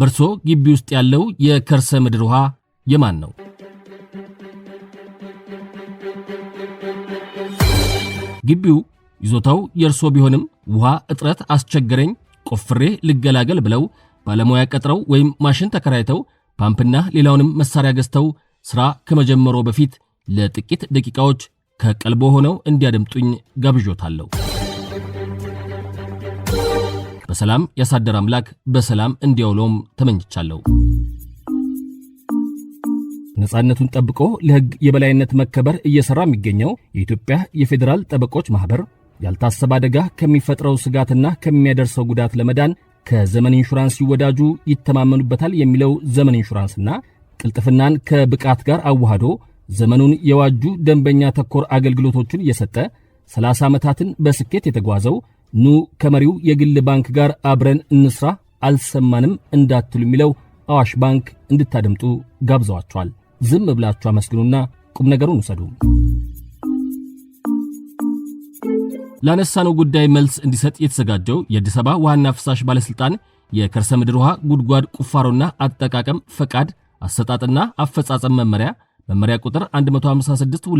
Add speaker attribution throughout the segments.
Speaker 1: በእርሶ ግቢ ውስጥ ያለው የከርሰ ምድር ውሃ የማን ነው? ግቢው ይዞታው የእርሶ ቢሆንም ውሃ እጥረት አስቸገረኝ፣ ቆፍሬ ልገላገል ብለው ባለሙያ ቀጥረው ወይም ማሽን ተከራይተው ፓምፕና ሌላውንም መሳሪያ ገዝተው ሥራ ከመጀመሩ በፊት ለጥቂት ደቂቃዎች ከቀልቦ ሆነው እንዲያደምጡኝ ጋብዦታለሁ። በሰላም ያሳደር አምላክ በሰላም እንዲያውለውም ተመኝቻለሁ።
Speaker 2: ነጻነቱን ጠብቆ ለሕግ የበላይነት መከበር እየሰራ የሚገኘው የኢትዮጵያ የፌዴራል ጠበቆች ማህበር ያልታሰበ አደጋ ከሚፈጥረው ስጋትና ከሚያደርሰው ጉዳት ለመዳን ከዘመን ኢንሹራንስ ይወዳጁ፣ ይተማመኑበታል የሚለው ዘመን ኢንሹራንስና ቅልጥፍናን ከብቃት ጋር አዋህዶ ዘመኑን የዋጁ ደንበኛ ተኮር አገልግሎቶችን እየሰጠ 30 ዓመታትን በስኬት የተጓዘው ኑ ከመሪው የግል ባንክ ጋር አብረን እንስራ አልሰማንም እንዳትሉ የሚለው አዋሽ ባንክ እንድታደምጡ ጋብዘዋቸዋል። ዝም ብላችሁ አመስግኑና ቁም ነገሩን ውሰዱ።
Speaker 1: ላነሳነው ጉዳይ መልስ እንዲሰጥ የተዘጋጀው የአዲስ አበባ ውሃና ፍሳሽ ባለሥልጣን የከርሰ ምድር ውሃ ጉድጓድ ቁፋሮና አጠቃቀም ፈቃድ አሰጣጥና አፈጻጸም መመሪያ መመሪያ ቁጥር 156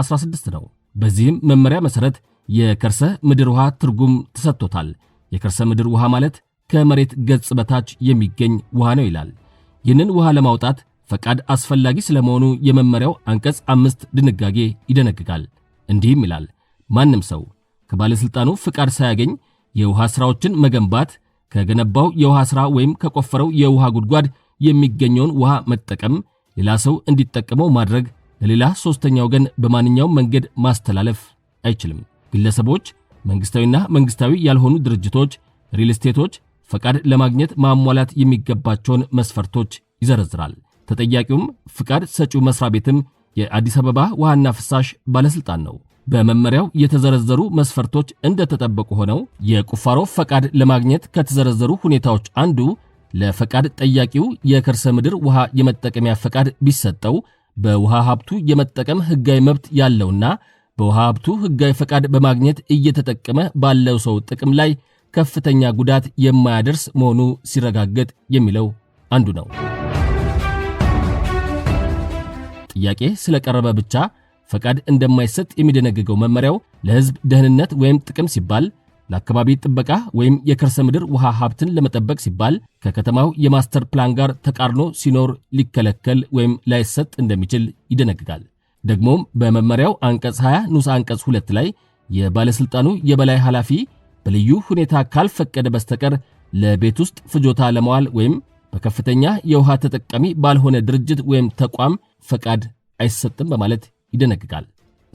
Speaker 1: 2016 ነው። በዚህም መመሪያ መሰረት የከርሰ ምድር ውሃ ትርጉም ተሰጥቶታል። የከርሰ ምድር ውሃ ማለት ከመሬት ገጽ በታች የሚገኝ ውሃ ነው ይላል። ይህንን ውሃ ለማውጣት ፈቃድ አስፈላጊ ስለመሆኑ የመመሪያው አንቀጽ አምስት ድንጋጌ ይደነግጋል። እንዲህም ይላል ማንም ሰው ከባለሥልጣኑ ፍቃድ ሳያገኝ የውሃ ሥራዎችን መገንባት፣ ከገነባው የውሃ ሥራ ወይም ከቆፈረው የውሃ ጉድጓድ የሚገኘውን ውሃ መጠቀም፣ ሌላ ሰው እንዲጠቀመው ማድረግ ለሌላ ሶስተኛ ወገን በማንኛውም መንገድ ማስተላለፍ አይችልም። ግለሰቦች፣ መንግስታዊና መንግስታዊ ያልሆኑ ድርጅቶች፣ ሪል ስቴቶች ፈቃድ ለማግኘት ማሟላት የሚገባቸውን መስፈርቶች ይዘረዝራል። ተጠያቂውም ፍቃድ ሰጪው መስሪያ ቤትም የአዲስ አበባ ውሃና ፍሳሽ ባለስልጣን ነው። በመመሪያው የተዘረዘሩ መስፈርቶች እንደተጠበቁ ሆነው የቁፋሮ ፈቃድ ለማግኘት ከተዘረዘሩ ሁኔታዎች አንዱ ለፈቃድ ጠያቂው የከርሰ ምድር ውሃ የመጠቀሚያ ፈቃድ ቢሰጠው በውሃ ሀብቱ የመጠቀም ህጋዊ መብት ያለውና በውሃ ሀብቱ ህጋዊ ፈቃድ በማግኘት እየተጠቀመ ባለው ሰው ጥቅም ላይ ከፍተኛ ጉዳት የማያደርስ መሆኑ ሲረጋገጥ የሚለው አንዱ ነው። ጥያቄ ስለቀረበ ብቻ ፈቃድ እንደማይሰጥ የሚደነግገው መመሪያው ለሕዝብ ደህንነት ወይም ጥቅም ሲባል ለአካባቢ ጥበቃ ወይም የከርሰ ምድር ውሃ ሀብትን ለመጠበቅ ሲባል ከከተማው የማስተር ፕላን ጋር ተቃርኖ ሲኖር ሊከለከል ወይም ላይሰጥ እንደሚችል ይደነግጋል። ደግሞም በመመሪያው አንቀጽ 20 ንዑስ አንቀጽ 2 ላይ የባለሥልጣኑ የበላይ ኃላፊ በልዩ ሁኔታ ካልፈቀደ በስተቀር ለቤት ውስጥ ፍጆታ ለመዋል ወይም በከፍተኛ የውሃ ተጠቃሚ ባልሆነ ድርጅት ወይም ተቋም ፈቃድ አይሰጥም በማለት ይደነግጋል።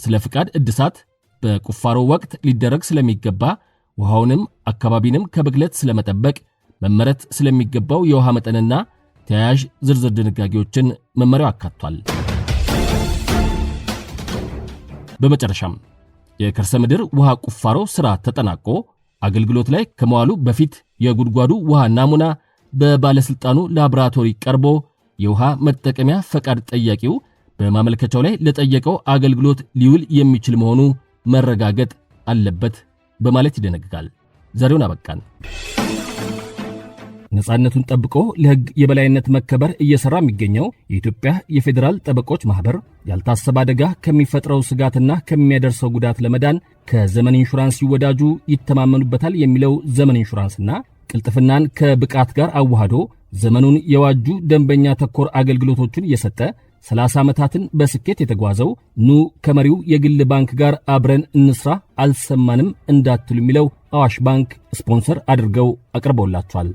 Speaker 1: ስለ ፍቃድ እድሳት በቁፋሮ ወቅት ሊደረግ ስለሚገባ ውሃውንም አካባቢንም ከብክለት ስለመጠበቅ መመረት ስለሚገባው የውሃ መጠንና ተያያዥ ዝርዝር ድንጋጌዎችን መመሪያው አካቷል። በመጨረሻም የከርሰ ምድር ውሃ ቁፋሮ ሥራ ተጠናቆ አገልግሎት ላይ ከመዋሉ በፊት የጉድጓዱ ውሃ ናሙና በባለሥልጣኑ ላቦራቶሪ ቀርቦ የውሃ መጠቀሚያ ፈቃድ ጠያቂው በማመልከቻው ላይ ለጠየቀው አገልግሎት ሊውል የሚችል መሆኑ መረጋገጥ አለበት በማለት ይደነግጋል። ዛሬውን አበቃን።
Speaker 2: ነፃነቱን ጠብቆ ለሕግ የበላይነት መከበር እየሰራ የሚገኘው የኢትዮጵያ የፌዴራል ጠበቆች ማህበር ያልታሰበ አደጋ ከሚፈጥረው ስጋትና ከሚያደርሰው ጉዳት ለመዳን ከዘመን ኢንሹራንስ ይወዳጁ፣ ይተማመኑበታል የሚለው ዘመን ኢንሹራንስና ቅልጥፍናን ከብቃት ጋር አዋህዶ ዘመኑን የዋጁ ደንበኛ ተኮር አገልግሎቶችን እየሰጠ ሰላሳ ዓመታትን በስኬት የተጓዘው ኑ ከመሪው የግል ባንክ ጋር አብረን እንስራ አልሰማንም እንዳትሉ የሚለው አዋሽ ባንክ ስፖንሰር አድርገው አቅርበውላቸዋል።